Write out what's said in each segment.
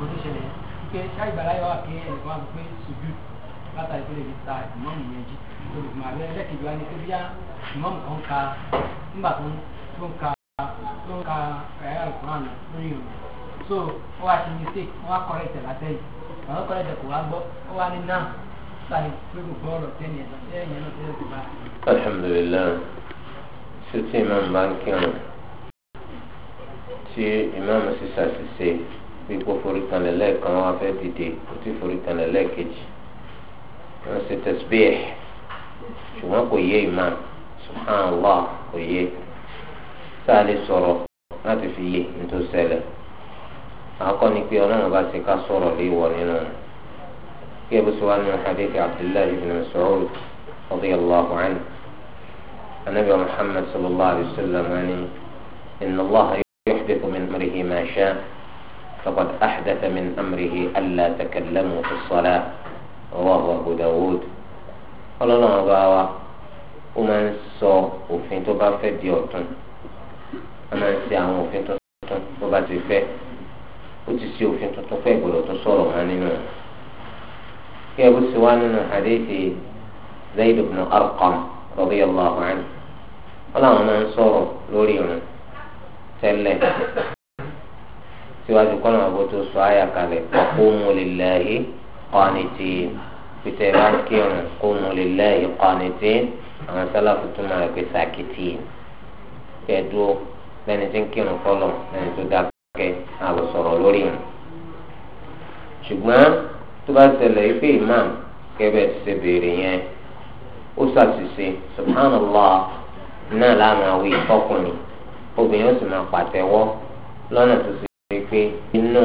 nǹkan tó ṣẹlẹ̀ pé ṣáì bàláyà wà pé ẹnìkan àti pé sùjú látàrí pé lè fi ta ìmọ̀mù yẹn jí olùkùnmọ̀ abẹ́ ẹlẹ́kejì wa ni pé bíyà ìmọ̀mù kan ka nígbà tó ń ka tó ń ka ẹ̀yà alukuran lórí ìrìn so ó wá ṣe mistake ó wá correct ẹ̀ látẹ̀yìn àwọn correct ẹ̀ kò wá gbọ́ ó wá ní náà sáré pé kò gbọ́ ọ̀rọ̀ tẹ́ni ẹ̀ tí imam sísá ti ṣe. bí kò forí kanlẹ̀ lẹ́ẹ̀kan wọn fẹ́ dìde kò tí forí kanlẹ̀ lẹ́ẹ̀kejì wọn ṣe tẹ̀síbíyẹ̀ ṣùgbọ́n kò yé ìmáà subhanallah kò yé sáà lè sọ̀rọ̀ láti fi yé nítorí ṣẹlẹ̀ àkọ́ ni pé ọlọ́run bá ti ká sọ̀rọ̀ lé wọ sáàlì le soro lati rẹ̀ kí ẹ bó ṣe wá nínú hadith abdullahi ibn mas'ud radiyallahu anhu anabi muhammad sallallahu alayhi wa sallam ani inna allah yuhdithu min amrihi ma sha'a. فقد أحدث من أمره ألا تكلموا في الصلاة رواه أبو داود قال الله باوا ومن سو وفين تبا في ديوتن أما سيام وفين تبا تبا تفه وتسي وفين تبا في قلو تصور يا أبو سوان حديث زيد بن أرقم رضي الله عنه قال الله من صور لوريون tẹ́lẹ̀ síwájú kọ́nà àbò tó sọ àyà kalẹ̀ qumu lillahi qanitin pété bá ń kírun qumu lillahi qanitin àwọn sálàfù tó máa pè sàkìtì kẹdùn lẹni tí ń kírun fọlọ lẹni tó dákẹ́ àbò sọ̀rọ̀ lórí rìn ṣùgbọ́n tó bá ṣẹlẹ̀ ipe imam kẹbẹ ti ṣe béèrè yẹn ó ṣàṣìṣe subhanallah náà láàmú àwí fọkùnrin obìnrin ó sì máa pàtẹ́wọ́ lọ́nà tó ṣe pé inú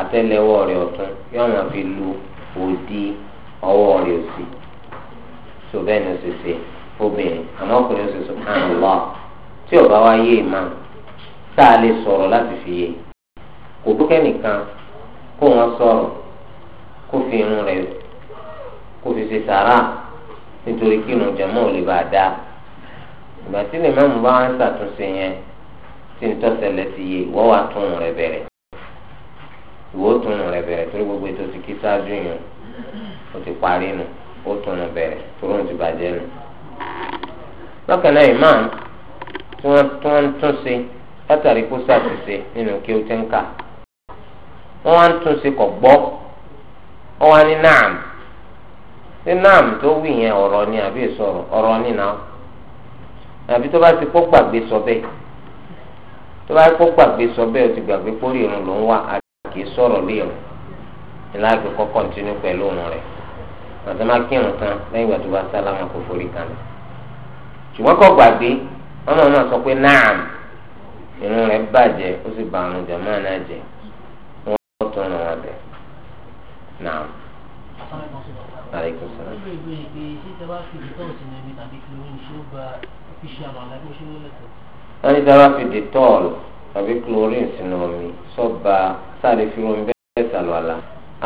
àtẹ́lẹwọ́ rẹ̀ ọ̀tún yóò máa fi lu òdi ọwọ́ rẹ̀ òsì so bẹ́ẹ̀ ni ó ṣe ṣe obìnrin àmọ́ ọkùnrin ó ṣe subhanallah tí ó bá wá yé ìmọ̀ tá a lè sọ̀rọ̀ láti fi yé kò búkẹ́ nìkan kó wọ́n sọ̀rọ̀ kó fi irun rẹ̀ kó fi ṣe sàrà nítorí kí irun jẹ̀mọ́ ò lè bá a dá ìgbà tí lè má mú bá wọn ṣàtúnṣe yẹn. tí n ti yé ìwọ́ wa tún un rẹ̀ bẹ̀rẹ̀ tún un gbogbo ètò ti kí sáájú o ti parí nu o tún un bẹ̀rẹ̀ torí ti bàjẹ́ nu. lọ́kàn náà imam tí wọ́n tún tún látàrí kó nínú kí ti ń kà wọ́n wá ń tún ṣe kọ̀ gbọ́ wọ́n wá ní naam ní naam tó wí yẹn ọ̀rọ̀ ni àbí ọ̀rọ̀ ti kó gbàgbé sọ tó bá kó gbàgbé sọ bẹ́ẹ̀ ti gbàgbé pórí irun ló ń wá a kì í sọ̀rọ̀ léèrè ìlàgbé kọ́ntínú pẹ̀lú òun rẹ̀ màtí má kírun tán lẹ́yìn ìgbà tó bá sálámà kó forí kalẹ̀ ṣùgbọ́n gbàgbé sọ pé irun rẹ̀ bàjẹ́ ó wọ́n ní dábàá fi detol tàbí chlorine sínú omi sọ́ba sáré fi omi bẹ́ẹ̀ sàlùwàlà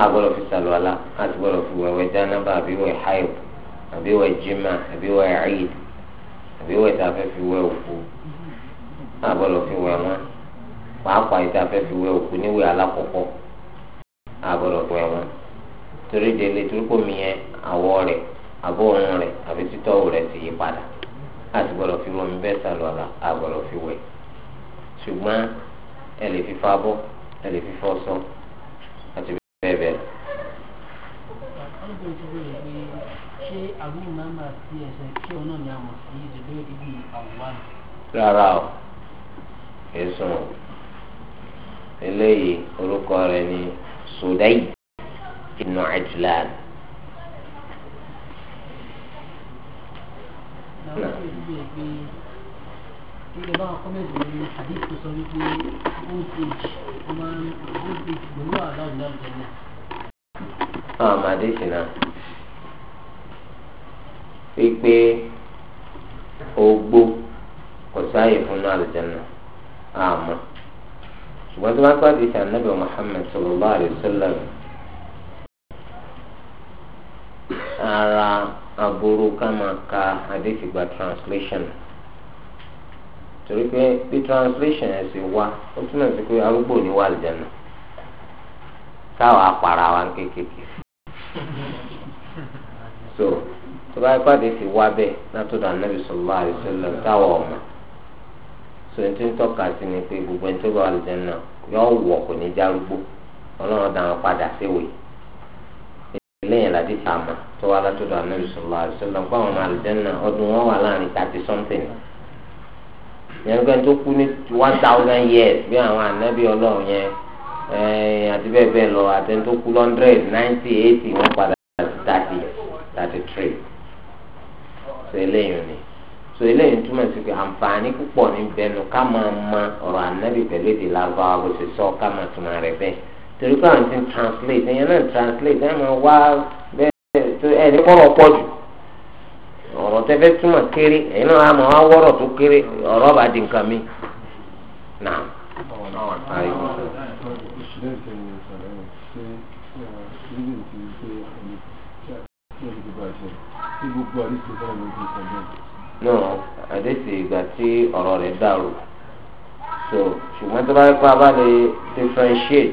àgbọ̀dọ̀ fi sàlùwàlà àti gbọ́dọ̀ fi wẹ̀wẹ̀ jánábà àbí wẹ̀ haib àbí wẹ̀ jimá àbí wẹ̀ eid àbí wẹ̀ tá a fẹ́ fi wẹ̀ òkú àgbọ̀dọ̀ fi wẹ̀ wọn pàápàá yìí tá a fẹ́ fi wẹ̀ òkú níwẹ̀ alákọ̀ọ́kọ́ àgbọ̀dọ̀ wẹ̀ wọn torí délé torí kò mìíràn àwọ̀ rẹ̀ àbọ̀ rẹ̀ àbí títọ́ rẹ̀ ti yí padà àti gbọ́dọ̀ fi rọmi bẹ́ẹ̀ sàlùwàlà àgbọ́dọ̀ fi wẹ̀ ṣùgbọ́n ẹ lè fi fábọ́ ẹ lè fi fọṣọ àti bẹ́ẹ̀ bẹ́ẹ̀. ṣé àwọn ìmáàmà tí ẹsẹ̀ kí ọ náà ní rárá o èso eléyìí orúkọ rẹ̀ ní Sudayi ibn Ajlan. ìjọba kọ́mẹ̀tì ní àdìsí sọ wípé old age ó máa ń old age ló ah, ogbó kò sáàyè fún àlùjáná àmọ́ ah, ṣùgbọ́n tó bá pàdé sí ànábì Muhammad sallallahu alaihi wasallam ara aburú ká máa ka àdéhùn gba translation torí pé bí translation ẹ̀ sì wá ó túmọ̀ sí pé arúgbó ní wà lẹ́nu táwọn apara wa kéékèèké so tó bá ipáde ti wá bẹ́ẹ̀ látọ̀dọ̀ anábì sallallahu alaihi wasallam táwọn ọmọ so n tí ń tọ́ka sí ni pé gbogbo ẹni tó bá wà lẹ́nu náà yọ wọ̀ kò ní járúgbó ọlọ́run dáhùn padà séwèé eléyìí làdí tààmù tó wà látọ̀dọ̀ anabi sọlá àdìsọlá ń àwọn ọmọ ọdún wọn wà láàrin thirty something yẹn gbẹ́ tó kú ní one thousand years bí àwọn anabi ọlọ́run yẹn àti bẹ́ẹ̀ bẹ́ẹ̀ lọ àtẹni tó kú hundred ninety eighty wọ́n padà thirty thirty three so eléyìí ni so eléyìí túmọ̀ sí pé àǹfààní púpọ̀ ní bẹnu ká máa ma ọ̀rọ̀ anabi pẹ̀lú èdè lágbára bó ṣe sọ ká máa túmọ̀ rẹ̀ bẹ́ẹ̀ torí pé àwọn ti ń translate ẹ̀yẹn náà translate ẹ̀ máa wá bẹ́ẹ̀ ẹ̀ ní kọ́rọ̀ pọ̀ jù ọ̀rọ̀ tẹ́fẹ́ túmọ̀ kéré ẹ̀yìn náà àmọ́ wá wọ́rọ̀ tó kéré ọ̀rọ̀ bá di nǹkan mi. No, àdéhùn ìgbà tí ọ̀rọ̀ rẹ̀ dàrú so ṣùgbọ́n tó bá yẹ kó a bá lè differentiate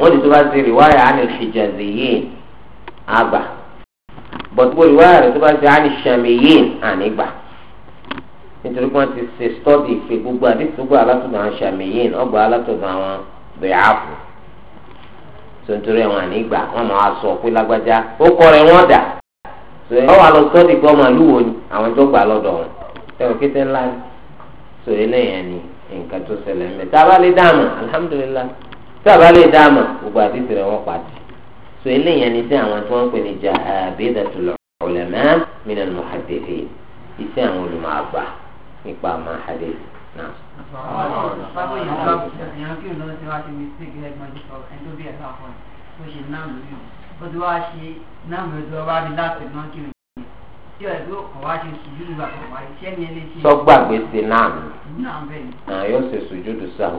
wọ́n ti tó bá ti rìwáyà á ní àgbà bọ̀tú bó rìwáyà tó bá ti á ní ìṣàmì yìí nítorí pé wọ́n ti ṣe stọ́dì pé gbogbo àdìsí gbogbo alátọ̀dọ̀ àwọn ìṣàmì ọgbà alátọ̀dọ̀ àwọn bẹ̀yàfù sontori àwọn máa sọ pé lágbájá ó dà ọ wà lọ sọ́dì pé ọmọ àlúwo ni àwọn tó gbà lọ́dọ̀ wọn kété ńlá tí a bá lè dá àmà gbogbo àdìsí rẹ̀ wọ́n pàtì so eléyìí ẹni tí àwọn tí wọ́n ń pè ní jà àbídàtul ulama minal muhaddithin iṣẹ́ àwọn olùmọ̀ àgbà nípa àmà hadith náà. Bọ́dọ̀ wá ṣe náà lọ́dọ̀ wá rí láti náà kí ni sọgbàgbèsè náà yóò ṣe sùjúdù sáà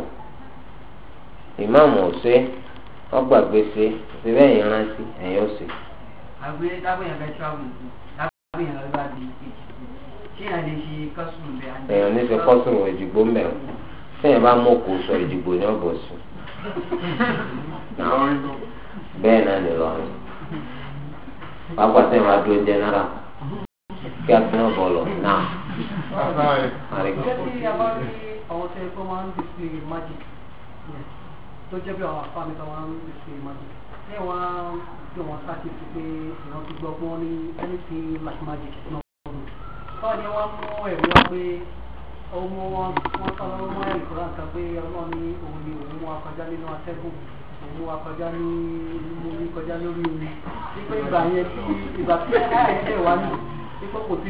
ìmáàmù ọ̀sẹ̀ ọgbàgbé ṣe ṣe bẹ́ẹ̀ yẹn rántí ẹ̀yìn ọ̀sẹ̀. àgbẹ̀ lábẹ́yàn fẹ́ tíráwù lábẹ́yàn lọ́ba di èjì ṣé èèyàn lè ṣe kọ́sùmù bẹ́ẹ̀. èèyàn ní ṣe kọ́sùmù ìdìgbò mẹ́rin sẹ́yìn bá mú kó sọ ìdìgbò ní ọ̀bọ̀ sí. bẹ́ẹ̀ náà lè lọ rìn pápá sẹ́yìn bá dúró jẹ́ náírà kí a fi náà bọ̀ lọ náà. ọ̀sẹ̀ tí a bá rí ọ̀wọ́ tó jẹ́ bí àwọn àfáàmì tó wọ́n ń ṣe ìmọ̀tò ṣé wọ́n gbé wọn sáàkì sí pé ìran ti gbọ́ pé ní anything like magic náà wọ́n tó ní wọ́n mú ẹ̀rí wá pé ọmọ wọn wọ́n sọ lọ́wọ́ mọ́ ẹ̀rí kúrò nǹkan pé ọlọ́run ní òun ni òun mú akọjá nínú atẹ́gùn òun akọjá ní mú mi kọjá lórí omi wípé ìgbà yẹn tí ìgbà tí ẹ̀ ẹ̀ wá nù wípé kò sí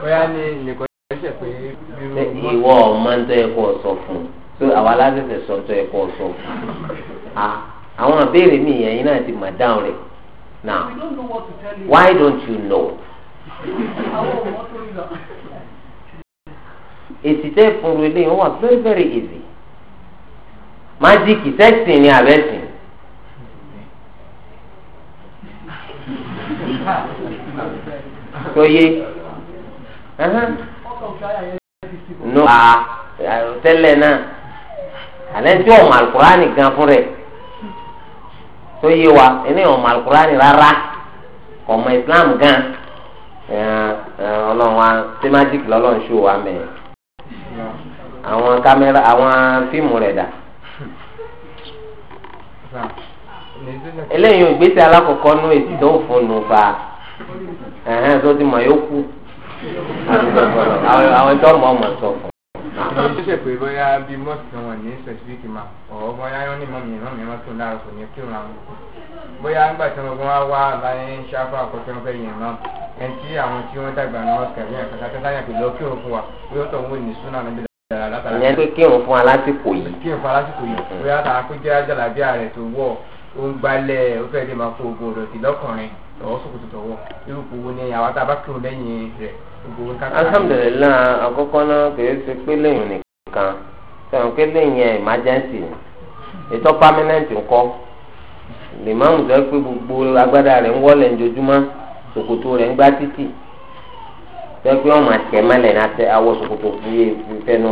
bóyá ìwọ ọmọ ń tọ́ ẹ̀kọ́ ọ̀sọ̀ fún un àwa lásìkò sọ tọ́ ẹ̀kọ́ ọ̀sọ̀ fún un. àwọn àbẹ̀rẹ̀ mi yẹn yín náà ti mà dáhùn rẹ̀ now why don't you know. èsì tẹ́ fúnru eléyìí wọ́n wà very very easy. májíkì sẹ́sìn ni nù a ah, eh, tẹ́lẹ̀ náà alẹ́ tí ọmọ alukurani gan fún rẹ̀ tó yé wa ẹni ọmọ alukurani rárá ọmọ islam gan eh, eh, ọlọ́run wa thematic lọ́lọ́run ṣó wa mẹ́ àwọn kámẹ́rà àwọn fíìmù rẹ̀ dà eléyìí ìgbésẹ̀ alákọ̀ọ́kọ́ nú èsì tó ń fún un nù fa ẹ̀hẹ́n tó ti mọ̀ yóò kú àwọn ìtọ́ mọ̀ ọmọ sọ fún. àwọn ìṣẹ̀ṣẹ̀ pé bóyá bíi mọ́ọ̀sì wọn ní specific ma ọ̀rọ̀ bóyá yọ ní mọ́mí náà mi mọ́tò náà kò ní kírun àwọn. bóyá nígbà tí wọn wá wá láyé ń ṣáfà àkọ́kọ́ fẹ́ yẹn náà ẹni tí àwọn tí wọ́n dàgbà ní mọ́ọ̀sì kàbí ẹ̀ka kàkẹ́ sáyà pé lọ kírun fún wa bóyá tó ń wò ní súnà níbi ìyẹn pé kírun fún alásìkò yìí. kírun fún alásìkò yìí bóyá àtàkùn jẹ́ ajálàbíà rẹ̀ ó ń gbalẹ̀ ó fẹ́ẹ́ dé máa fo ògbó rẹ̀ sí lọ́kùnrin tọwọ́ sòkòtò tọwọ́ irú gbogbo ni àwa tá a bá kírun lẹ́yìn rẹ̀ gbogbo nǹkan. alhamdulillah àkọ́kọ́ náà kìí ṣe pé lẹ́yìn nìkan emergency ètò permanent ńkọ́ lè máa ń sọ pé gbogbo agbádá rẹ̀ ń wọlé njojúmọ́ sòkòtò ń pé ọmọ àti awọ sokoto fẹnu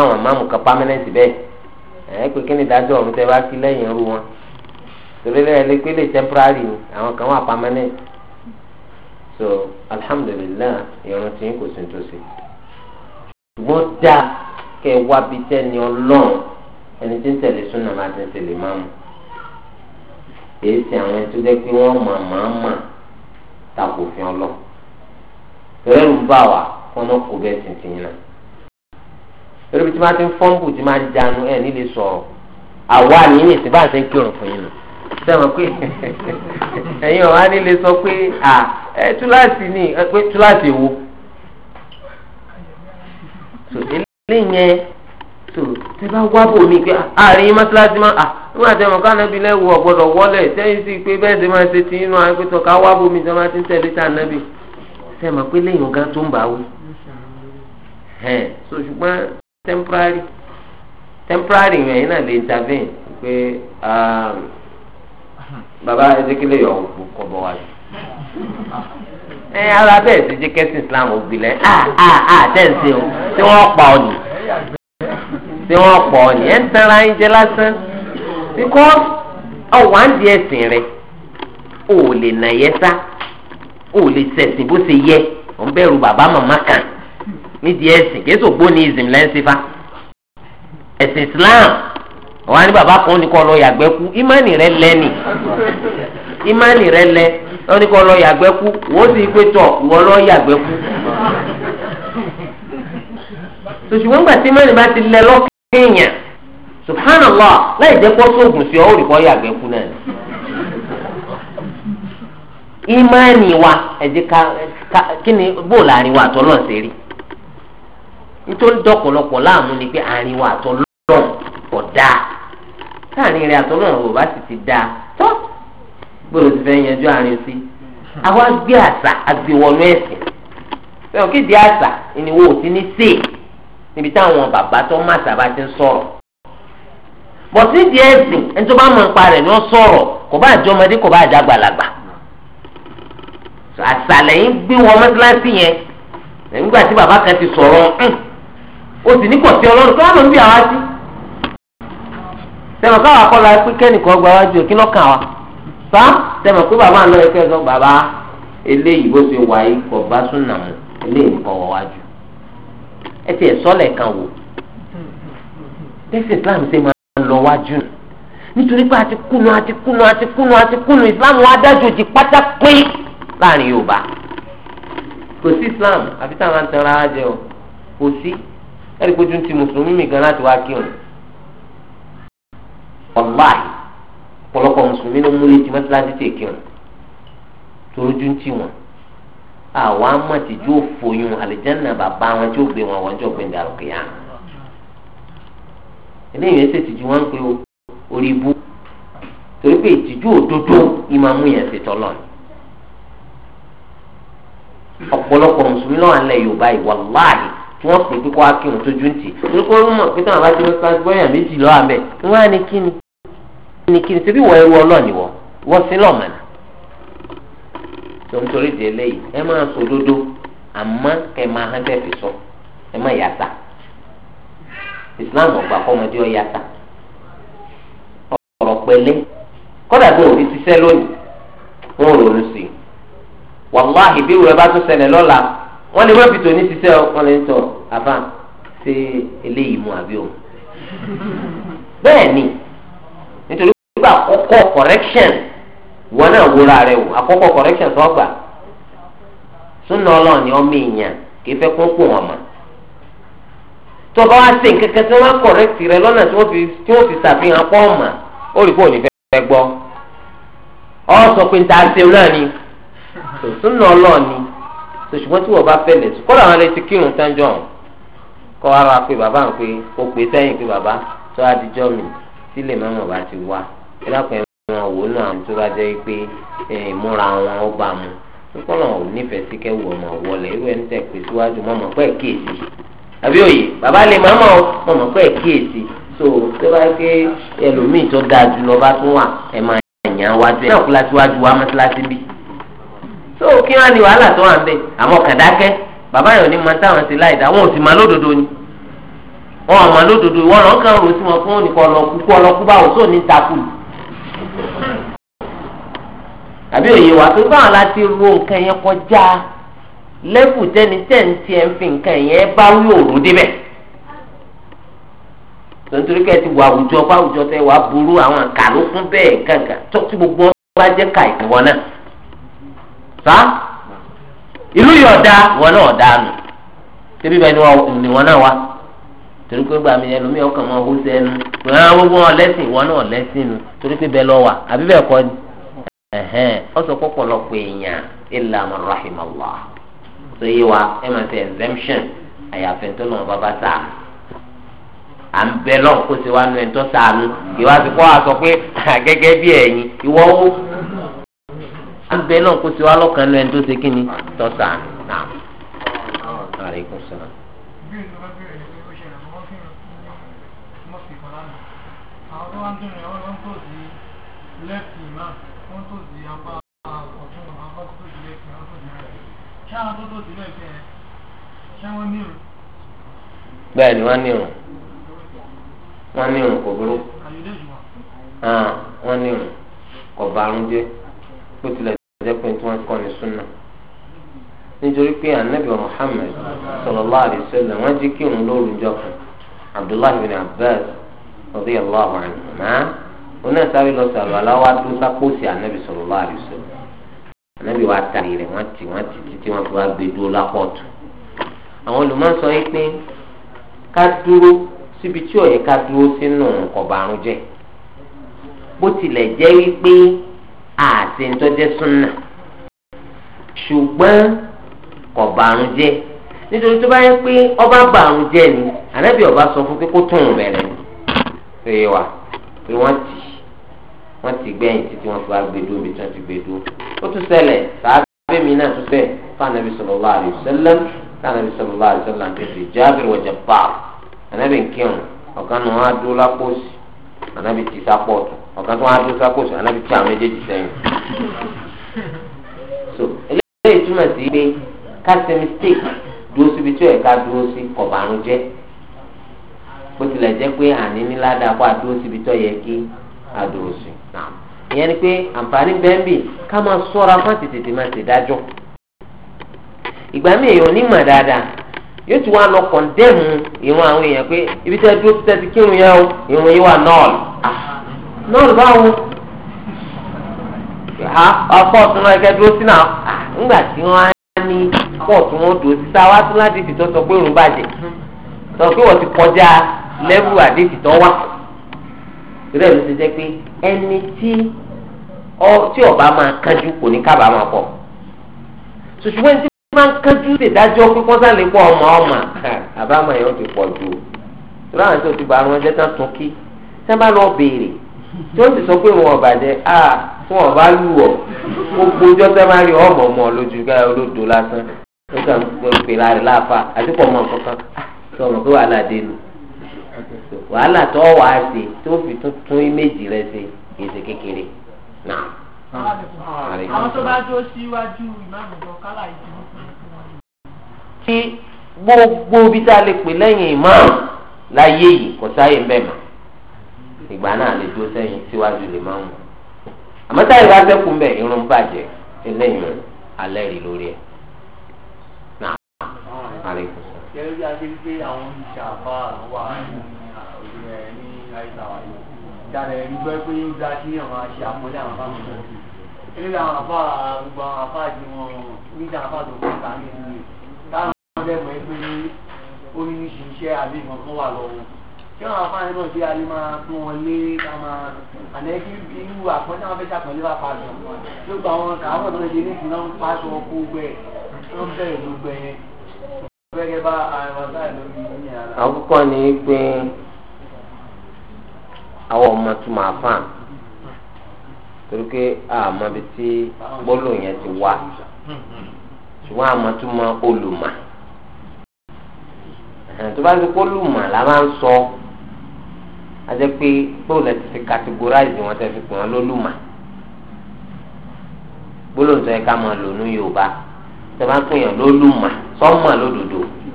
àwọn kan permanent pé kí ni tẹ torí lẹ́yìn lè pélé temporary ni àwọn kan wà permanent so alhamdulillah ìrun tí kò sí tòsí. ṣùgbọ́n dá kẹ wá bí tẹ́ni ọlọ́run ẹni tí ń tẹ̀lé súnà máa ti ń tẹ̀lé máa mú èyí sì àwọn ẹni tó jẹ́ pé wọ́n mọ̀ máa mà takò fi ọ lọ torí ń bá wa kọ́ náà kó bẹ́ẹ̀ sì ti yín náà torí bí tí máa ti ń fọ́nbù tí máa ń janu ẹ̀ nílé sọ̀rọ̀ àwa nìyí sì bá ń ṣe ń kírun fún yín nù sẹ́wọ̀n pé ẹ̀yin ọ̀hán nílé sọ pé à ẹ túláàsì ni ẹ pé túláàsì wo so eléyìí yẹn so tẹ bá wá bò mí pé àárín yín mọ́tíláṣí máa à nígbà tẹ mọ̀ kánábì lẹ́wù ọ̀gbọ́dọ̀ wọlé sẹ́yìn sí pé bẹ́ẹ̀ ṣe máa ṣe ti inú àwọn ìpẹ́tọ̀ ká wá bò mí tí wọ́n ti ń tẹ̀lé tá ànábì sẹ́wọ̀n pé lẹ́yìn ọ̀gá tó ń bá wí ẹ̀ so ṣùgbọ́n temporary temporary yẹn náà lè intervene pé. Um, baba ẹdẹkẹlẹ yọ òkú kọbọ wa yìí ẹ ara bẹ́ẹ̀ ti jẹ kẹsì islam ògbilẹ a a a tẹsí o tí wọ́n pa ọ nì tí wọ́n pa ọ nì ẹ ń tara ẹ jẹ lásán because ọwọ à ń di ẹsìn rẹ o ò lè nà yẹ sá o ò lè sẹsìn bó ṣe yẹ o ń bẹ̀rù bàbá màmá kan nídìí ẹsìn kí ẹ sọ gbóni ìsìn lẹ́sìn fa ẹsìn islam. wọn ní bàbá kan ó ní kọ́ lọ yàgbẹ́ kú ìmánì rẹ lẹ ni ìmánì rẹ lẹ wọn ní kọ́ lọ yàgbẹ́ kú wọ́n sì pé tọ̀ wọ́n lọ yàgbẹ́ kú. sòṣùwọ́n gbà tí ìmánì bá ti lẹ lọ́kẹ́yìn subhanallah láì jẹ́ kó sóògùn sí ọ ó rí kọ́ yàgbẹ́ kú náà ìmánì wa ẹ̀jẹ̀ ká kí ni bóòlù àárín wa àtọ́ náà ṣe rí nítorí dọ́kọ̀lọpọ̀ láàmú ni pé àárín àtọ́ lọ́rùn táàrin rẹ̀ àtọ́ náà ò bá sì ti dáa tó gbọ́dọ̀ ti fẹ́ yanjú àárín sí àwa gbé àṣà àgbéwọnú ẹ̀sìn fẹ́ràn kéde àṣà ìníwó ò ti ní sè níbi táwọn bàbá tó má sábà ti ń sọ̀rọ̀ bọ̀sí di ẹ̀sìn ẹni tó bá mọ̀ nípa rẹ̀ ni ó sọ̀rọ̀ kò bá àjọ ọmọdé kò bá àjọ àgbàlagbà àṣà lẹ́yìn gbé wọn mọ́tíláṣí yẹn nígbà tí bàbá kan ti sọ̀rọ̀ ó sì ní kọ̀ọ̀tì ọlọ́run kí wọ́n lọ bí àwa sí tẹmọ káwa kọ́ la pé kẹ́nìkan gba wájú ẹ̀ kí lọ́ọ́ kàn wá fa tẹmọ pé bàbá àná ẹ̀kẹ́ sọ bàbá eléyìí bó ṣe wà yìí kò bá súnà mu eléyìí nìkan wọ wájú ẹ tiẹ̀ sọ́lẹ̀ kan wò tẹ́sí Islam ṣe máa ń lọ wájú nítorí pé àti kùnú àti kùnú àti kùnú àti kùnú Islam wa dájú di pátá pín láàrin Yorùbá kò sí Islam àfi táwọn àti ọ̀rọ̀ ara jẹ o kò sí ẹ̀rí pé ojú ti mùsùlùmí mi gan láti wá kírun wàláì pọ̀lọpọ̀ mùsùlùmí ló múlẹ̀ tí mọ́tíláṣí tè kí wọn torójú ń tì wọn àwọn amọ̀tìjú òfòyún àlìjánná bàbá wọn tí ó gbé wọn wọn jọ gbé ndàrú kìíyà eléyìí ẹsẹ̀ tìjú wọn ń pe orí ibú torí pé ìtìjú òdodo ìmàmú yẹn ti tọ́ lọ́nà ọ̀pọ̀lọpọ̀ mùsùlùmí náà ń lẹ yorùbá yìí wàláàhí tí wọ́n pè pé kó wá kí wọn tójú ń tì torí pé wọ́n mọ̀ pé táwọn bá ti wọ́n sáájú bọ́yà méjì lọ́wọ́ àmẹ́ ní kí ni ṣe bí wọ́n ẹrú ọlọ́ọ̀ni wọ́ wọ́n sí lọ́mọ̀nà tó ń torí di eléyìí ẹ máa sọ òdodo àmọ́ ẹ máa hán tẹ́ fi sọ ẹ má yàtà Islam ọgbà kọ́mọdé ọ yàtà ọ̀rọ̀ pẹ̀lẹ́ kọ́dà bí òfin ṣiṣẹ́ lónìí wọ́n rò ó sí i wàláhì bí ìwúrẹ́ bá tún ṣẹlẹ̀ lọ́la wọ́n lè má fi tòní ṣiṣẹ́ wọn lè sọ àbá ṣe eléyìí mú àbí òun bẹ́ẹ̀ nígbà àkọ́kọ́ correction wọn náà wúra rẹ wò àkọ́kọ́ correction tó gbà súnà ọlọ́run ni ọmọ èèyàn kì í fẹ́ kó kó wọn mọ̀ tó bá wá sí nǹkankan tí wọ́n correct rẹ lọ́nà tí wọ́n fi tí wọ́n fi ṣàfihàn pọ́ ọ̀mà ó rí fóònù fẹ́ gbọ́ ọ sọ pé nta ṣe náà ni súnà ọlọ́run ni ṣùgbọ́n tí wọ́n bá fẹ́ lẹ̀ sùn kọ́ra àwọn ẹlẹ́sìn kírun sánjọ́ ọ̀hún kọ́ ara pé bàbá ń pé ó pè sẹ́yìn pé bàbá tó adijọ́ mi sílẹ̀ mọ́mọ́ bá ti wá ẹlẹ́kùn ẹ̀rọ wọn wò náà àwọn tó bá jẹ́ pé ìmúra wọn ó bá mu nípa náà ò nífẹ̀ẹ́ sí kẹ́wù ọmọ wọlé irú ẹni tẹ̀ pé síwájú mọ́mọ́ pẹ́ kíyèsí àbí òye bàbá lè mọ́mọ́ mọ́mọ́ pẹ́ kíyèsí so tó bá ké ẹlòmíì tó dáa jù lọ bá tún wà ẹ̀ máa yàn wájú ẹ̀ náà kúlá síwájú wa mọ́sálásí bí so kí wọn ní wàhálà tó wà ń bẹ àmọ́ kàdákẹ́ bàbá yẹn ò ní máa táwọn ti láì dá wọn ò sì máa lódodo ni wọn ò máa lódodo wọn lọ kàn rò àbí òye wà tó báwọn láti ro nǹkan yẹn kọjá lẹ́fù tẹ́ni tẹ́ǹtì ẹ̀ ń fi nǹkan yẹn bá wí débẹ̀ tontori kẹ́ ti wà àwùjọ bá àwùjọ tẹ wà burú àwọn àǹkà bẹ́ẹ̀ gàngàn tó tí gbogbo wọn bá jẹ́ ka ìwọ náà sá ìlú yìí ọ̀dà wọn náà ọ̀dà nù tẹ́bí bẹ́ẹ̀ ni wọn náà wá torí pé gbàmí ẹlòmíì ọkàn wọn hó sẹ́nu wọn gbogbo wọn lẹ́sìn ìwọ náà lẹ́sìn nù torí pé bẹ́ẹ̀ lọ wà àbí bẹ́ẹ̀ kọ́ ni. ẹhẹn ọsọ pọpọlọpọ èèyàn illa man rahimallah yé wa ẹ máa ṣe exemption àyàfẹ́ tó lọ́wọ́ bàbá sá à ń bẹ lọ́wọ́ kó ṣe wá nu ẹ̀ńtọ́ sànú ìwà kọ́ pé gẹ́gẹ́ bí ẹ̀yin à ń bẹ bẹ́ẹ̀ ni wọ́n ní irun wọ́n ní irun kò burú wọ́n ní irun kò bàrún tilẹ̀ jẹ́ pé tí wọ́n kọ́ ni súnà nítorí pé anabi muhammed sallallahu alaihi wasallam wọ́n jí kírun lóru jọ abdullahi bin abbas radiyallahu anhu. onáà sáré lọ sàlù aláwọ adó sápòsì ànábì sallallahu alaihi wasallam ànábì wa tàrí rẹ̀ wọ́n ti wọ́n ti títí wọ́n fi wá gbé dúró lápọ̀tù àwọn olùmọ̀sọ yìí pé ká dúró síbi tí ó yẹ ká dúró sínú ọ̀bà àrùn jẹ́ bó tilẹ̀ jẹ́ wípé àti ntọ́jẹ́ súnà ṣùgbọ́n ọ̀bà àrùn jẹ́ nítorí tó bá yẹ pé ọba bà àrùn jẹ́ ni ànábì ọba sọ fún pé kó tóun bẹ̀rẹ̀ ni ṣe wà pé wọ́n ti gbẹ̀yìn títí wọ́n fi wá gbé dúró bí tí wọ́n ti gbé dúró ó tún ṣẹlẹ̀ sàábẹ́ mi náà tún bẹ́ẹ̀ fànàbí sallallahu alaihi wasallam fànàbí sallallahu alaihi wasallam tó fi Jabir wa Jabbar ànábì nkírun ọ̀kan nù wọn á dúró lápòsì ànábì ti sápọ̀tù ọ̀kan tó wọn á dúró sápòsì ànábì ti àwọn méjèèjì sẹ́yìn. so eléyìí túmọ̀ sí pé kásẹ̀ mistake dúró síbi tí ẹ̀ka dúró sí kọ̀bàrún jẹ́ bó tilẹ̀ jẹ́ pé àní ńlá dáa kó àdúró síbi tó yẹ kí àdúró sí. ìyẹn ni pé àǹfààní bẹ́ẹ̀nbì ká máa sọ́ra fún àtètè máa ṣe dájọ́ ìgbà èèyàn onímọ̀ dáadáa yóò ti wá lọ kọ̀ndẹ́mù ìrun àwọn èèyàn pé ibi tẹ́ dúró tẹ́ ti kírun yẹn o ìrun yìí wà nọ́ọ̀lù ah, nọ́ọ̀lù báwo ọkọ̀ ọ̀tún náà ẹ̀kẹ́ dúró sí náà ńgbà ah, tí wọ́n á ní ọkọ̀ ọ̀tún wọn dúró sí sáwá tún láti sọ pé òun bàjẹ́ ìrẹ́ ló ti jẹ́ pé ẹni tí tí ọba máa kánjú kò ní kábà máa pọ̀ ṣùṣùgbọ́n tí wọ́n máa ń kánjú lè dájọ́ pé kọ́sá lè pọ̀ ọmọ ọmọ àbámọ̀ yẹn ó ti pọ̀ ju ìrọ̀ àwọn tí o ti bá wọn jẹ́ tán tún kí tẹ́ bá lọ béèrè tí wọ́n ti sọ pé wọn ọ̀bàjẹ́ a tí wọn bá lù ọ́ gbogbo ọjọ́ tẹ́ máa rí ọmọ ọmọ lójú gáyà olódo lásán nígbà pé láàrin láàfà àti mọ́ nǹkan kan tí ọmọ pé wàhálà dé nu wàhálà tó wà á ṣe tó fi tuntun méjì rẹ ṣe kì í ṣe kékeré náà. àwọn tó bá dúró síwájú ìmáàmù lọ kálá ìdúró tí gbogbo bí tá a lè pè lẹ́yìn ìmáàmù láyé yìí kò sáyè ń bẹ̀ mọ́ ìgbà náà lè dúró sẹ́yìn síwájú lè máa ń wọ̀. àmọ́ táyì bá sẹ́kù mbẹ́ irun bàjẹ́ eléyìí alẹ́ rí lórí ẹ̀. náà. gẹ́gẹ́ ń gbé àwọn ìṣàfà wà nínú láìsà wà yìí dára ẹ̀rí gbọ́ pé ń gba kí àwọn aṣẹ àpọ́lé àwọn afá mi lọ́wọ́ nílé àwọn afá gbogbo àwọn afá di wọn níta afá tó kọ́ ta ní ìlú táwọn ọlẹ́mọ̀ pé ó ní ṣe iṣẹ́ àbí ìmọ̀ kan wà lọ́wọ́ kí àwọn afá yẹn náà bí alẹ́ máa tún wọn lé ká máa àná kí irú àpọ́nlé àwọn fẹ́ẹ́ ṣàpọ́nlé bá padà tó gba àwọn kàwọn náà ṣe ní ìfúnná ń pàṣọ kó gbẹ tó ń bẹ̀rẹ̀ ló yẹn. àkọ́kọ́ ni pé àwọn ọmọ tún máa fàn torí pé àmọ́ bí tí gbólóhùn yẹn ti wá ṣùgbọ́n àmọ́ tún mọ olùmọ̀ tó bá ti kó lùmọ̀ la máa ń sọ a jẹ́ pé gbólóhùn yẹn ti fi categorize wọn tẹ́ fi pè wọ́n lólùmọ̀ gbólóhùn tó yẹ ká máa lò ní Yorùbá tó bá pè yàn lólùmọ̀ sọ́mọ̀ lódodo kí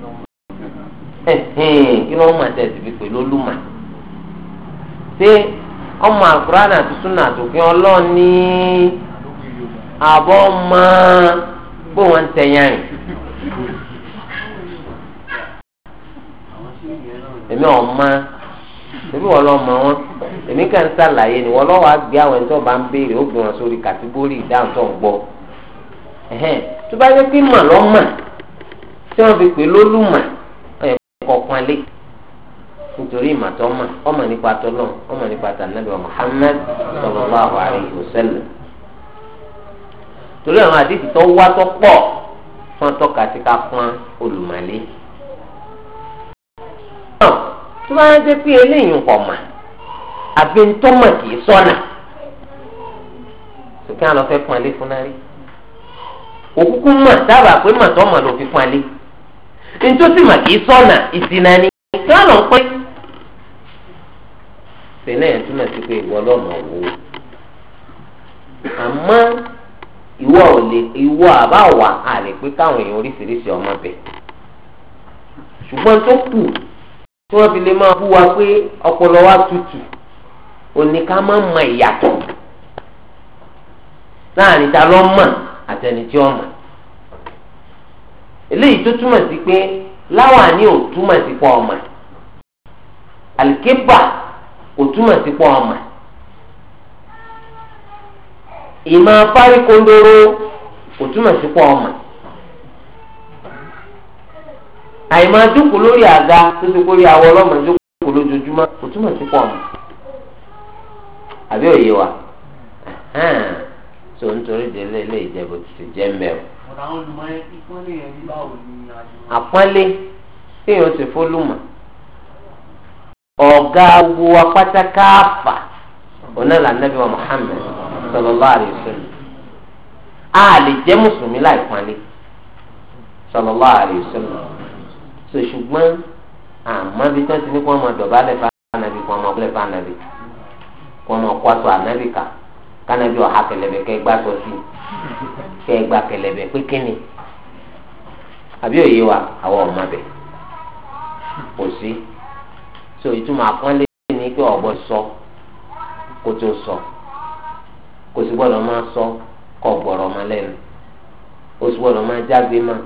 ló ń mọ̀ tẹ́ ti fi pè lólùmọ̀. ṣé ọmọ àkùrán àti súnà àtòkè ọlọ́ọ̀ni àbọ̀ máa pé wọ́n ń tẹ̀yàn rìn. èmi ma èmi wọ́n lọ́ọ́ wọn èmi kà ń ṣàlàyé ni wọ́n lọ́wọ́ àgbẹ̀ àwọn ẹni tó bá ń béèrè ó gbé wọn sórí kàtígórì ìdáhùn tó ń gbọ́ tó bá yẹ nítorí ìmọ̀tọ́ ọmọ nípa tọ́lọ́ ọmọ nípa tànàbí wa Muhammad sallallahu alayhi wa torí àwọn àdìsí tó wá tó pọ̀ fún tọ́ka tí ká pọ́n olùmọ̀lé. tó bá ń jẹ́ pé eléyìí pọ̀ mà àbí ntọ́mọ̀ kì í sọ́nà àlọ́ fẹ́ fún náà òkúkú mọ̀ dábàá pé ló fi fún mà kì í tẹ́lẹ̀ yẹn túmọ̀ sí pé ìwọ lọ́nà wò ó àmọ́ ìwọ ò lè ìwọ àbá wà á lè pé káwọn èèyàn oríṣiríṣi ọmọ bẹ̀ ṣùgbọ́n tó kù tí wọ́n fi lè máa bú wa pé ọpọlọ wa tutù òní ká má mọ ìyàtọ̀ láàrin ta ló mọ̀ àtẹni tí ó mọ̀ eléyìí tó túmọ̀ sí pé láwàní ò túmọ̀ sí pọ̀ ọmọ àlìkébà kò túmọ̀ sí pọ̀ ọmọ ìmọ̀ parí kondoro kò túmọ̀ sí pọ̀ ọmọ àìmọ̀ dúkùú lórí àga tó ti kórè àwọn ọlọ́mọ dúkùú lójoojúmọ́ kò túmọ̀ sí pọ̀ ọmọ àbí òye wa so nítorí délé ilé ìjẹ́bù ti ti jẹ́ mẹ́rin. àpọ́nlé téèyàn ti fólùmọ̀. ọ̀gá gbogbo wa pátá káfà nàbí wa Muhammad sallallahu a lè mùsùlùmí láì so ṣùgbọ́n bí tọ́sí ní kí wọ́n fún anabi kí wọ́n máa fún anabi kí wọ́n anabi ká kánabi ọ̀ha kẹlẹ̀bẹ̀ kẹ́ gbá sọ sí kẹ́ gbá kẹlẹ̀bẹ̀ pé kíni àbí so ìtumọ̀ àpọ́nlé ní pé ọ̀gbọ́ sọ kó tó sọ kò sì gbọ́dọ̀ máa sọ kọ́ gbọ́rọ̀ máa lẹ́nu ó sì gbọ́dọ̀ máa jágbe máa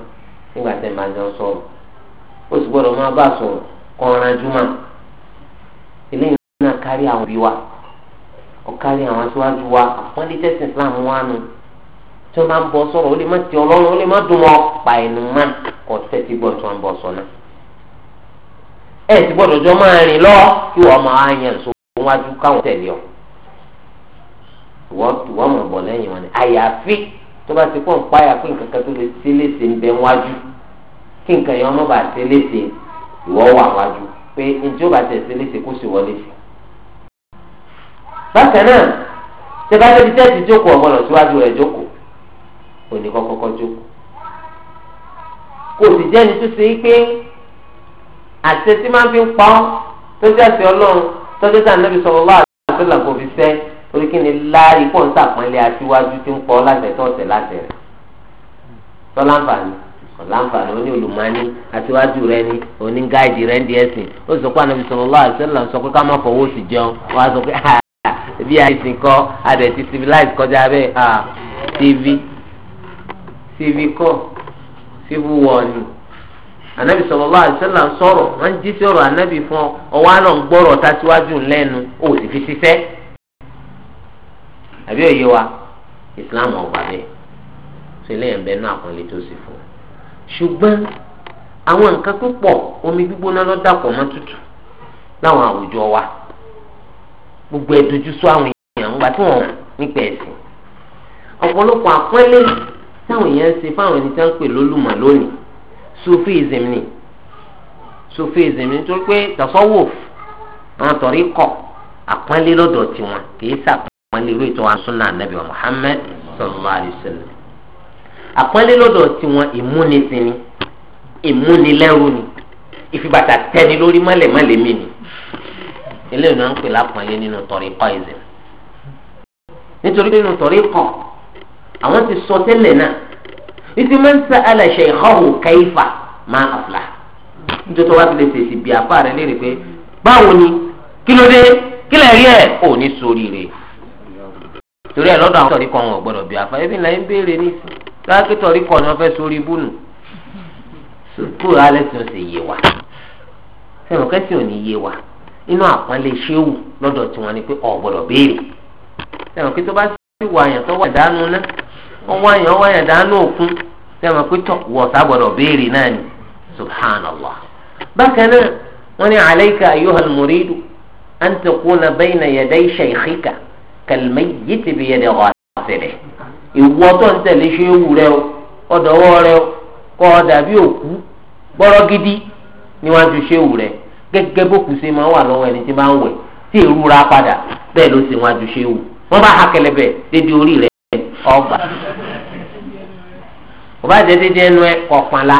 nígbà tẹ́ máa jọ sọ̀rọ̀ ó sì gbọ́dọ̀ máa bá sọ̀rọ̀ kọ́ ọ̀ranjú máa eléyìí náà kárí àwọn òbí wa ó kárí àwọn aṣáájú wa àpọ́nlé Islam wa tí wọ́n bá ń sọ̀rọ̀ ó lè má ti ọlọ́run ó lè má dùn ọ́ kọ́ tẹ́tí tí wọ́n ń sọ náà. ẹ ti gbọ́dọ̀ jọ máa rìn lọ kí wọ́n máa yan èso wájú káwọn tẹ̀lé ọ wọ́n wọ́n mọ̀ bọ̀ lẹ́yìn wọn ni àyàfi tó bá ti pọ̀ ń páyà pé nǹkan kan tó lè ṣe léṣe ń bẹ wájú kí nǹkan yẹn ọmọ bá ṣe léṣe ìwọ wà wájú pé njẹ́ ó bá tẹ̀ ṣe léṣe kó sì wọlé fi. bákan náà tẹ bá débi tẹ́ẹ̀tì jókòó ọ̀gbọ́dọ̀ síwájú rẹ̀ jókòó òní kọ́kọ́kọ́ jókòó kò sì jẹ́ni tó ṣe é pé àti tí máa fi ń pọ́n tó jẹ́ àti ọlọ́run tó jẹ́ àti ànábì sallallahu alaihi wasallam kò fi sẹ́ torí kí ni láàyè pọ̀ ń sàpọ́nlé aṣíwájú tí ń pọ́ látẹ̀tọ̀ ọ̀tẹ̀ látẹ̀ rẹ̀ tọ́láǹfààní ọ̀láǹfààní oní olùmọ́ni aṣíwájú rẹ ni oní gáàdì rẹ ń di ẹ̀sìn ó sọ pé ànábì sallallahu alaihi wasallam sọ pé ká má fọwọ́ sí jẹun wọ́n á sọ pé bí àìsàn kọ́ adẹ̀ ti civilize kọjá bẹ́ẹ̀ tv tv kọ́ civil war anabi sallallahu alaihi wasallam sọ̀rọ̀ wọn jí sí anabi fún ọ gbọrọ fi ṣiṣẹ́ àbí wa islam ọgbà bẹ́ẹ̀ ṣe lẹ́yìn bẹ́ẹ̀ náà àpọ́nlé tó sì fún un àwọn omi gbígbóná lọ dàpọ̀ mọ́ wa gbogbo ẹ̀dójú sọ àwọn èèyàn ńgbà tí wọn nípa ẹ̀sìn ọ̀pọ̀lọpọ̀ àpọ́nlé táwọn èèyàn ń ṣe fáwọn ẹni tí wọ́n ń sufism ni sufism ni torí pé tasawuf àwọn tọ̀rí kọ̀ àpọ́nlé lọ́dọ̀ tiwọn kìí sàpọ́nlé irú ìtọ́wà sunna anabi wa muhammed sallallahu alayhi wa sallam àpọ́nlé lọ́dọ̀ tiwọn ìmúnisìn ni ìmúnilẹ́rú ni ìfibàtà tẹni lórí mọ́lẹ̀mọ́lẹ̀ mi ni eléyìí náà ń pè lápọ́nlé nínú tọ̀rí kọ́ ìzẹ̀ nítorí nínú tọ̀rí kọ̀ àwọn ti sọ tẹ́lẹ̀ náà ìtì máa ń sẹ ẹlẹ́ṣẹ̀ ìhọ́hùn kẹ́yìfà máa àfúlà nítorí tó wá fi lè ṣèṣì bí apá rẹ léèrè pé báwo ni kí ló dé kí lè rí ẹ ò ní sórí rẹ torí ẹ lọ́dọ̀ àwọn tọ̀ríkọ̀ wọn ò gbọ́dọ̀ bí afá ebi làyín béèrè ní sáàkì tọ̀ríkọ̀ ni wọ́n fẹ́ sórí ibùnú kó alẹ́ sìn ṣe yé wa sẹ́wọ̀n kẹ́sì ò ní yé wa inú àpọ́nlé ṣéwù lọ́dọ̀ tiwọn ni pé ò gbọ́dọ̀ béèrè sẹ́wọ̀n kí tó bá sì wà yàn tó wà dánú náà wọ́n wáyàn wáyàn dáná òkun sẹ́wọ̀n pé tọ́ wọ̀ọ́sá gbọ́dọ̀ béèrè náà ni subhanallah. bákan náà wọ́n ní alayka ayyuhal muridu an takuna bayna yaday shaykhika kalmayyiti bi yadi ghasilihi. ìwọ tó ń tẹ̀lé ṣéwù rẹ o ọ̀dọ̀wọ́ rẹ o kọ́ dàbí òkú gbọ́rọ́ gidi níwájú ṣéwù rẹ gẹ́gẹ́ bó kù máa wà lọ́wọ́ ẹni tí máa ń wẹ̀ tí èrú ra padà bẹ́ẹ̀ ló sì wájú ṣéwù wọ́n bá hakẹlẹ̀ bẹ̀ dédé orí rẹ̀ ọgbà bá jẹ́ dédé ẹnu ẹ kọ̀ọ̀kan la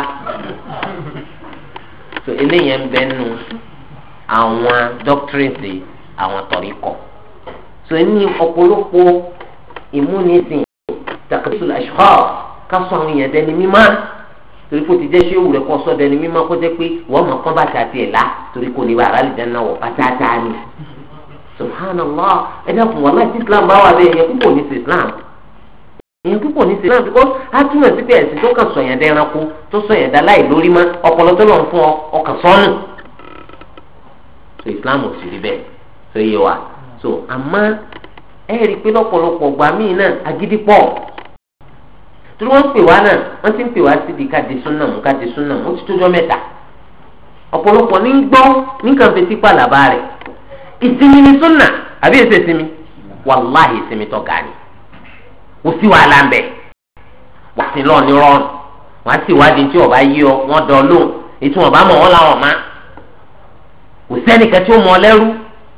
so eléyìí ń bẹ nu àwọn doctorate àwọn tọ̀rí kọ̀ so ní ọ̀pọ̀lọpọ̀ ìmúnisìn takasula ṣọ́ kásán àwọn èèyàn dẹni mímá torí kò ti jẹ́ ṣé òwúrẹ́ kọ́ sọ́dọ̀ ẹni mímọ́ kó jẹ́ pé wọ́n mọ̀ kán bá ta tiẹ̀ la torí kò ní bá aráàlú dáná wọ̀ pátáátá ni subhanallah ẹ dákun wàhálà tí islam bá wà bẹ́ẹ̀ yẹ kó kò ní sí islam. èyí púpọ̀ ní sílẹ̀ because a túmọ̀ sí pé ẹ̀sìn tó kàn sọ̀yàn dá ẹranko tó sọ̀yàn dá fún ọ ọkàn Islam ò sì rí bẹ́ẹ̀ so yé wa so àmọ́ ẹ rí i pé lọ́pọ̀lọpọ̀ ọgbà míì náà agídí pọ̀ torí wọ́n ń pè wá náà wọ́n ti ń pè wá káde súnà mú káde súnà mú ti tójọ́ mẹ́ta ọ̀pọ̀lọpọ̀ ní ni o sí wàhálà ń bẹ̀ wà sí lọ ní rọrùn wà sí ìwádìí tí ọba yí ọ wọn dán lóhùn ètò ọba mọ̀ wọn làwọn má kò sẹ́nìkan tí ó mọ lẹ́rú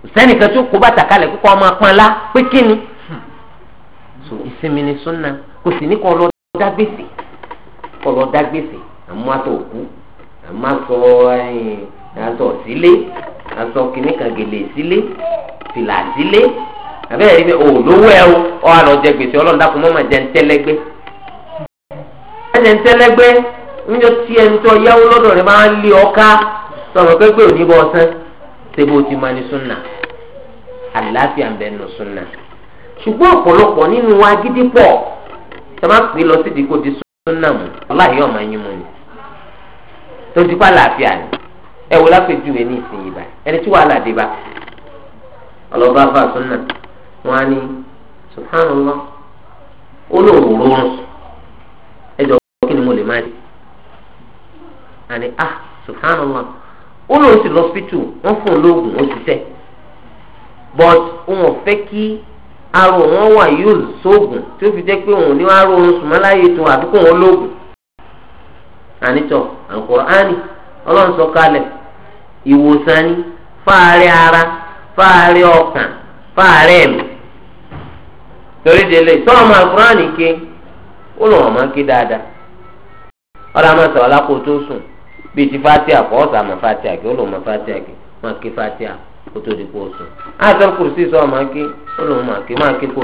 kò sẹ́nìkan tí ó kó bàtà kalẹ̀ kó kọ́ ọmọ pọn lá pé kí ni so ìsinmi ni súnà kò sì ní kọ́ lọ dá gbèsè kọ́ lọ dá gbèsè àmọ́ àtọ̀ òkú àmọ́ àtọ̀ àtọ̀ sílé àtọ̀ kìnnìkan gèlè sílé fìlà sílé. àbẹ́rẹ́ yìí pé o lówó ẹ o ọ àlọ́ jẹ gbèsè ọlọ́run dákun mọ́ máa jẹ ń tẹ́lẹ́gbẹ́. ẹ̀jẹ̀ ń tẹ́lẹ́gbẹ́ níjọ tí ẹni tó yáwó máa ń lé ọká òní ti máa ní súnà àlàáfíà ń bẹ nù súnà. ṣùgbọ́n ọ̀pọ̀lọpọ̀ nínú wa gidi pọ̀ ṣe máa pè é lọ sídìí kó di súnà mu wọn á subhanallah ó kí ni mo lè má rí àní ah subhanallah ó lò sí lọ́spítù wọ́n fún un lóògùn ó but wọn ò kí wọn wà yóò sóògùn tí fi jẹ́ pé ní wàá rò oorun sùnmọ́ tó àbí kò lóògùn ara ọkàn ẹ̀mí. torí délé tó ọmọ àkùránì ké ó lọ wọn máa ké dáadáa àmọ́ tó sùn bíi ti fatia kọ́ ọ̀sà fatia ké ó fatia ké máa ké fatia kó tó di kó sùn àtọ́ kùrùsì sọ̀rọ̀ máa ké ó lọ máa ké ké kó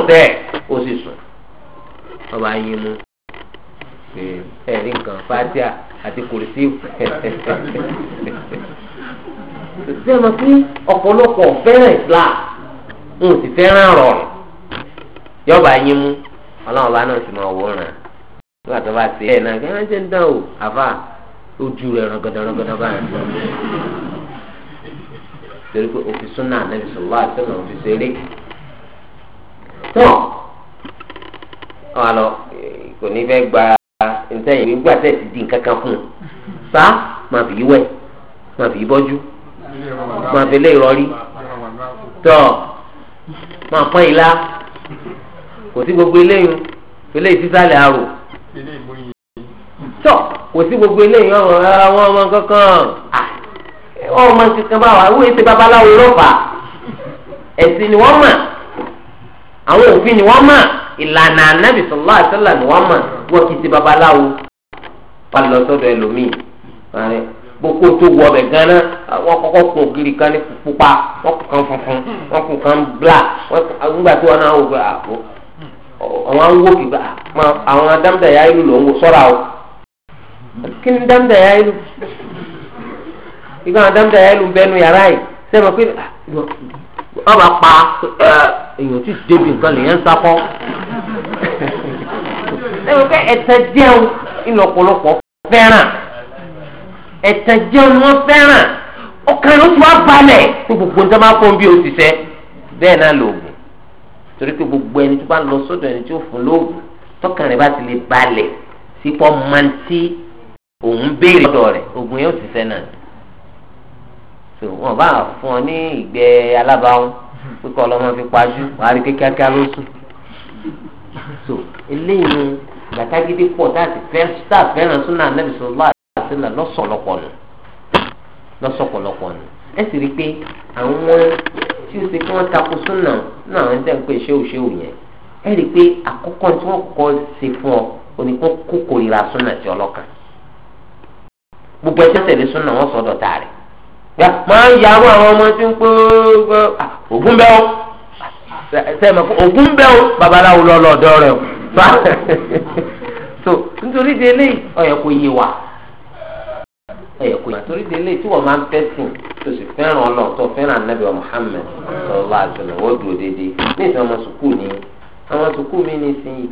tó ọba yín mú fatia àti ṣe é ọ̀pọ̀lọpọ̀ n ò sì fẹ́ràn rọrùn yọba yín mú ọlọ́run bá náà sì máa wò ràn nígbà tó bá ti ẹ̀ náà ṣe ń dán o àfà ojú rẹ̀ rọ̀gọ̀dọ̀ rọ̀gọ̀dọ̀ báyìí torí pé òfin súnà nàbì sọ̀rọ̀ àti ọ̀nà òfin ṣeré tó ọ̀ lọ kò ní fẹ́ gba ntẹ́yìn nígbà tẹ̀ ti di nǹkan kan fún un sá máa fi wẹ̀ máa fi bọ́jú máa pọ́n ilá kò sí gbogbo eléyìí eléyìí sísàlẹ̀ àrò tọ́ kò sí gbogbo eléyìí ọ̀rọ̀ àwọn ọmọ kankan ọmọ kankan báwa àwọn èsì babaláwo lọ́fàá ẹ̀sìn ni wọ́n mọ̀ àwọn òfin ni wọ́n mọ̀ ìlànà anábì sọlá àtàlà ni wọ́n mọ̀ wọ́n kì í ti babaláwo wọ́n lọ sọ́dọ̀ ẹlòmíì gbogbo tó wọ ọbẹ̀ gánà wọ́n kọ́kọ́ kun ògiri kan ní pupa wọ́n kun kan funfun wọ́n kun kan black wọ́n nígbà tí wọ́n náà wò pé àpò ah, àwọn awó kìgbà àwọn dáńdà yà ìlú ló ń wò sọ́ra o kí ni dáńdà yà ìlú ìgbà àwọn dáńdà yà ìlú bẹ́ẹ̀ nu yàrá yìí sẹ́mi pé ah, wọ́n bá pa eh, èèyàn tí débi nǹkan lè yẹn ń sakọ́ sẹ́mi pé ẹ̀tẹ́ díẹ̀ ńlọpọlọpọ fẹ́ràn ẹ̀tàn jẹun ni wọ́n fẹ́ràn ọkàn ló ti wá balẹ̀ fún gbogbo nígbà máa fún bí o ti fẹ́ bẹ́ẹ̀ náà lòògùn torí pé gbogbo ẹni tó bá lọ sọ́dọ̀ ẹni tó fún lóògùn tọkàn rẹ̀ bá ti lè balẹ̀ sípò mantí òun béèrè lọ́dọ̀ rẹ̀ oògùn yóò ti fẹ́ náà so wọn bá fún ọ ní ìgbẹ́ alábàáwọn kíkọ ọlọmọ fi pajú wàá rí kékeré kíá ló sùn so eléyìí gbàtàgídé pọ̀ tá a ti fẹ́ tá a fẹ́ràn súnà anábì àṣìlá lọ́sọ̀lọ́pọ̀ nù lọ́sọ̀pọ̀lọpọ̀ nù ẹ sì rí i pé àwọn tí ó ṣe kí wọ́n takò súnà náà àwọn ẹ̀dá ń pè ṣéwù ṣéwù yẹn ẹ rí i pé àkọ́kọ́ tí wọ́n kọ́ ṣe fún ọ òní kó kókò ìlà súnà tí ọlọ́kan gbogbo ẹjẹ tẹ̀lé súnà wọn sọ̀dọ̀ tà rẹ̀ yà máa ń yàrá àwọn ọmọ tí ń ah, pé ògún bẹ́ẹ̀ o sẹ́ẹ̀mọ̀ fún ògún bẹ́ẹ̀ o babaláwo lọ́lọ́dọ́ rẹ̀ o so nítorí di eléyìí ọ̀yọ̀ kò yé wa ẹ̀yẹ kò yàn torí délé tí wọ́n máa ń fẹ́sìn tó sì fẹ́ràn ọlọ́run tó fẹ́ràn anábì wa Muhammad sọlá àtẹlẹ wọ́n dúró dédé ní ìsìn ọmọ sùkúù ni ọmọ sùkúù mi ní ìsìn yìí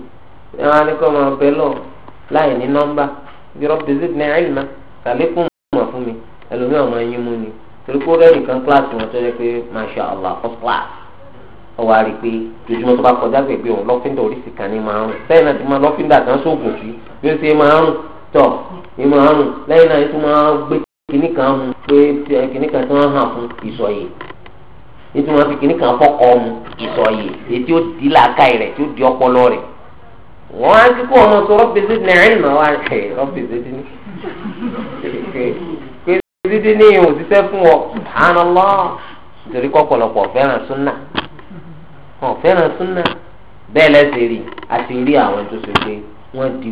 ẹ̀rọ anìkọ́ máa bẹ lọ láì ní nọ́mbà yọrọ bẹ́sẹ̀ ní àìlùmá kàlékún mọ̀ fún mi ẹlòmíràn ọmọ ẹyin mú ni torí kó rẹ́ nìkan kíláàsì wọn tó yẹ pé máa ṣe máa ń ìmọ̀ àrùn lẹ́yìn náà ètò máa gbé kìnnì kan mu pé kìnnì kan tí wọ́n hàn fún ìsọ̀yè ètò máa fi kìnnì kan fọ́kọ̀ mu ìsọ̀yè ètò ó di làákàyè rẹ̀ tí ó di ọpọlọ rẹ̀ wọ́n á ti kó ọmọ sọ rọ́bì ní ẹ̀rín náà wá ẹ̀ rọ́bì sí ní pé dídí ní ìhùn fún ọ fẹ́ràn súnà ọ̀ fẹ́ràn súnà bẹ́ẹ̀ lẹ́sẹ̀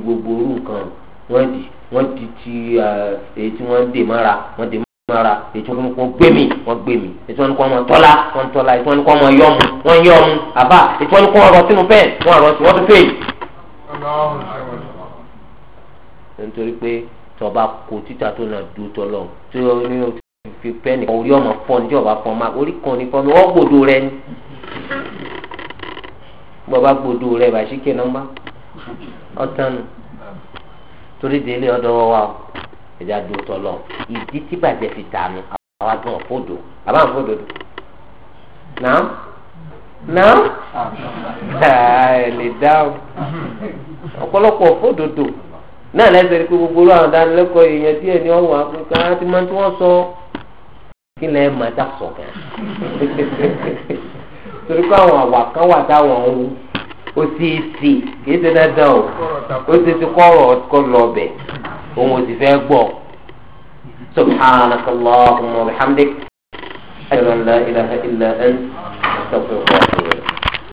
gbogbo orú nǹkan wọ́n di wọ́n ti ti èyí tí wọ́n dè mọ́ra wọ́n dè mọ́ra èyí tí wọ́n kọ́ gbé mi wọ́n gbé mi èyí tí wọ́n kọ́ ọmọ tọ́lá wọ́n tọ́lá èyí tí wọ́n kọ́ ọmọ yọ̀mù wọ́n yọ̀mù àbá èyí tí wọ́n kọ́ ọ̀rọ̀ sínú pẹ́ẹ́n wọ́n ọ̀rọ̀ sí wọ́n tún fèyí. nítorí pé tọba kò títà tó náà dùn tọ́lọ̀ tí ó ní fi pẹ́ẹ́nì orí ọmọ fọ́ ní ọba fọ́ máa orí kan ní fọ́ mi wọ́n gbòdo rẹ ni bọ́ba gbòdo rẹ bàṣíkè nọ́mbà ọ̀tánu torí délé ọ̀dọ̀ wa o ẹja dùn tọlọ ìdí tí bàjẹ́ fi tànù àwa gan òfòdò àbá òfòdò dùn nàá nàá ẹ lè o ọ̀pọ̀lọpọ̀ òfòdòdò náà lẹ́sẹ̀ rí pé gbogbo àwọn ìdánilẹ́kọ̀ọ́ èèyàn díẹ̀ ní ọ̀hún àfúnká ti máa ń tí wọ́n sọ kí lẹ́ẹ̀ máa dá sọ̀gàn torí pé àwọn àwà wà táwọn ń wú ó sì sì kìí ṣe dandan o ó sì ti kọ́rọ̀ kọ́ lọ bẹ̀ òun ò sì fẹ́ gbọ́ subhanakallahumma wa bihamdik ashhadu an la ilaha illa anta astaghfiruka.